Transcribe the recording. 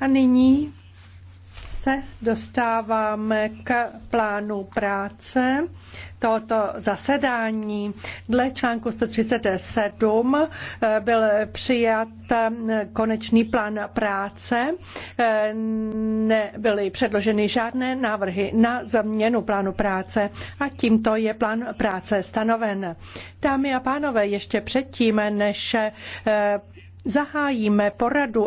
A nyní se dostáváme k plánu práce tohoto zasedání. Dle článku 137 eh, byl přijat eh, konečný plán práce. Eh, nebyly předloženy žádné návrhy na změnu plánu práce a tímto je plán práce stanoven. Dámy a pánové, ještě předtím, než zahájíme poradu